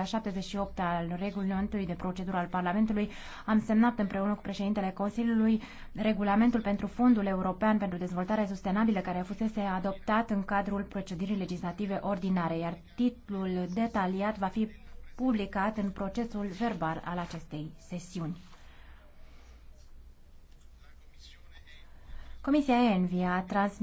la 78 al regulamentului de procedură al Parlamentului, am semnat împreună cu președintele Consiliului regulamentul pentru Fondul European pentru Dezvoltare Sustenabilă care fusese adoptat în cadrul procedurii legislative ordinare, iar titlul detaliat va fi publicat în procesul verbal al acestei sesiuni. Comisia ENVI a transmis